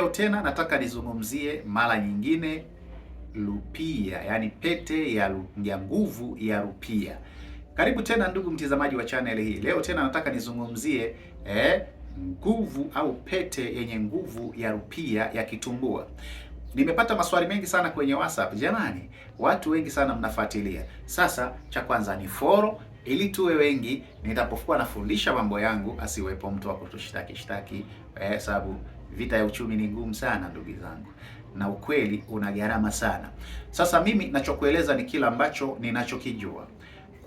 leo tena nataka nizungumzie mara nyingine rupia, yaani pete ya, ya nguvu ya rupia. Karibu tena ndugu mtazamaji wa channel hii. Leo tena nataka nizungumzie eh, nguvu au pete yenye nguvu ya rupia ya kitumbua. Nimepata maswali mengi sana kwenye WhatsApp. Jamani, watu wengi sana mnafuatilia. Sasa cha kwanza ni foro ili tuwe wengi, nitapokuwa nafundisha mambo yangu asiwepo mtu wa kutushtaki shtaki, eh, sababu Vita ya uchumi ni ngumu sana ndugu zangu, na ukweli una gharama sana. Sasa mimi nachokueleza ni kila ambacho ninachokijua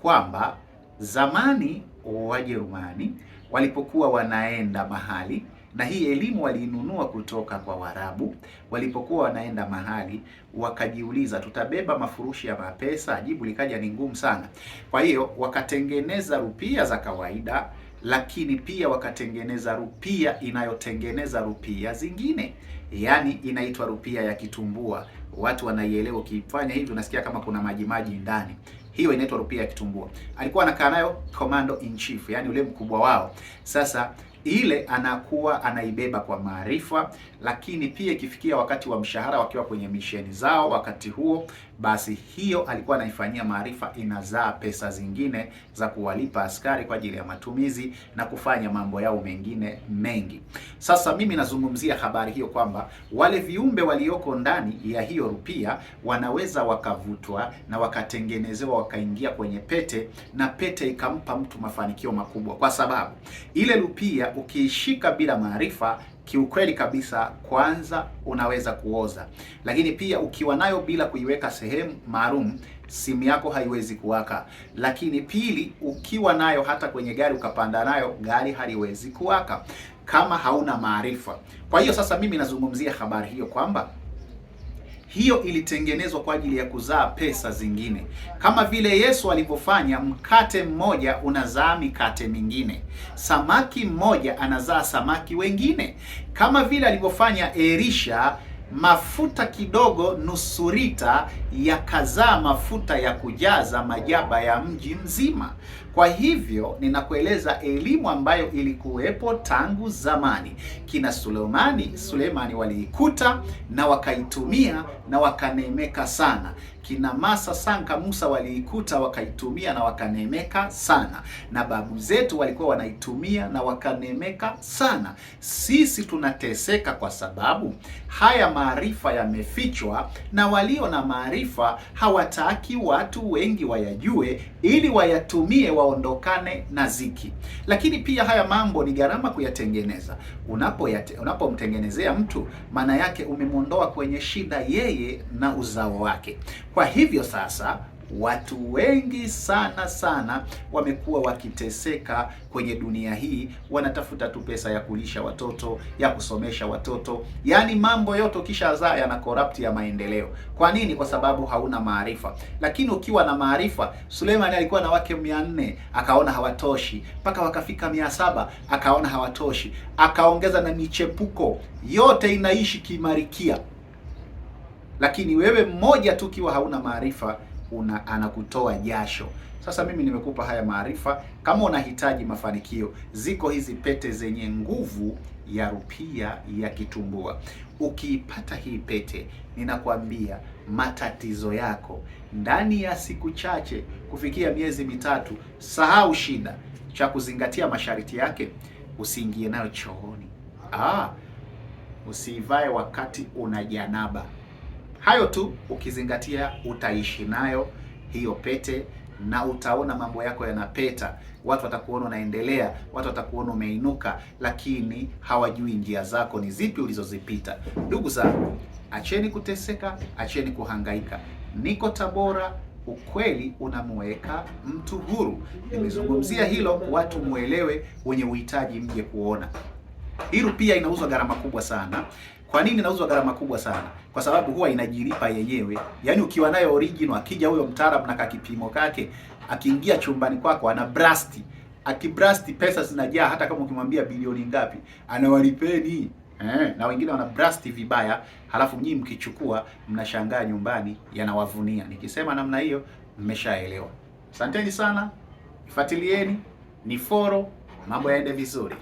kwamba zamani Wajerumani walipokuwa wanaenda mahali, na hii elimu waliinunua kutoka kwa warabu walipokuwa wanaenda mahali wakajiuliza, tutabeba mafurushi ya mapesa? Jibu likaja ni ngumu sana. Kwa hiyo wakatengeneza rupia za kawaida lakini pia wakatengeneza rupia inayotengeneza rupia zingine, yaani inaitwa rupia ya kitumbua. Watu wanaielewa, ukifanya hivi unasikia kama kuna maji maji ndani hiyo inaitwa rupia ya kitumbua. Alikuwa anakaa nayo commando in chief, yani ule mkubwa wao. Sasa ile anakuwa anaibeba kwa maarifa, lakini pia ikifikia wakati wa mshahara, wakiwa kwenye misheni zao, wakati huo basi hiyo alikuwa anaifanyia maarifa, inazaa pesa zingine za kuwalipa askari kwa ajili ya matumizi na kufanya mambo yao mengine mengi. Sasa mimi nazungumzia habari hiyo kwamba wale viumbe walioko ndani ya hiyo rupia wanaweza wakavutwa na wakatengenezewa wakaingia kwenye pete, na pete ikampa mtu mafanikio makubwa, kwa sababu ile rupia ukiishika bila maarifa kiukweli kabisa, kwanza unaweza kuoza, lakini pia ukiwa nayo bila kuiweka sehemu maalum simu yako haiwezi kuwaka. Lakini pili, ukiwa nayo hata kwenye gari ukapanda nayo gari haliwezi kuwaka kama hauna maarifa. Kwa hiyo sasa mimi nazungumzia habari hiyo kwamba hiyo ilitengenezwa kwa ajili ya kuzaa pesa zingine, kama vile Yesu alivyofanya. Mkate mmoja unazaa mikate mingine, samaki mmoja anazaa samaki wengine, kama vile alivyofanya Elisha mafuta kidogo nusurita yakazaa mafuta ya kujaza majaba ya mji mzima. Kwa hivyo ninakueleza elimu ambayo ilikuwepo tangu zamani. Kina Sulemani, Sulemani waliikuta na wakaitumia na wakaneemeka sana. Kina Masa Sanka Musa waliikuta wakaitumia na wakaneemeka sana, na babu zetu walikuwa wanaitumia na wakaneemeka sana. Sisi tunateseka kwa sababu haya maarifa yamefichwa, na walio na maarifa hawataki watu wengi wayajue, ili wayatumie wa waondokane na ziki. Lakini pia haya mambo ni gharama kuyatengeneza. Unapomtengenezea unapomtengenezea mtu, maana yake umemwondoa kwenye shida yeye na uzao wake. Kwa hivyo sasa Watu wengi sana sana wamekuwa wakiteseka kwenye dunia hii, wanatafuta tu pesa ya kulisha watoto, ya kusomesha watoto, yaani mambo yote kisha zaa yana corrupt ya maendeleo. Kwa nini? Kwa sababu hauna maarifa. Lakini ukiwa na maarifa, Suleiman alikuwa na wake mia nne akaona hawatoshi, mpaka wakafika mia saba akaona hawatoshi, akaongeza na michepuko yote, inaishi kimarikia. Lakini wewe mmoja tu ukiwa hauna maarifa una, anakutoa jasho. Sasa mimi nimekupa haya maarifa. Kama unahitaji mafanikio, ziko hizi pete zenye nguvu ya rupia ya kitumbua. Ukiipata hii pete, ninakwambia matatizo yako ndani ya siku chache kufikia miezi mitatu, sahau shida. Cha kuzingatia masharti yake, usiingie nayo chooni. Ah, usiivae wakati una janaba. Hayo tu ukizingatia, utaishi nayo hiyo pete na utaona mambo yako yanapeta. Watu watakuona unaendelea, watu watakuona umeinuka, lakini hawajui njia zako ni zipi ulizozipita. Ndugu zangu, acheni kuteseka, acheni kuhangaika. Niko Tabora. Ukweli unamuweka mtu huru. Nimezungumzia hilo watu mwelewe, wenye uhitaji mje kuona. Hilo pia inauzwa gharama kubwa sana. Kwa nini inauzwa gharama kubwa sana? Kwa sababu huwa inajilipa yenyewe. Yaani ukiwa nayo original, akija huyo mtaalamu na kakipimo kake, akiingia chumbani kwako ana brasti. Akibrasti pesa zinajaa hata kama ukimwambia bilioni ngapi, anawalipeni. Eh, na wengine wana blast vibaya, halafu nyinyi mkichukua mnashangaa nyumbani yanawavunia. Nikisema namna hiyo mmeshaelewa. Asanteni sana. Ifuatilieni, ni foro, mambo yaende vizuri.